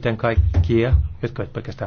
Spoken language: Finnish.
miten kaikkia, jotka eivät pelkästään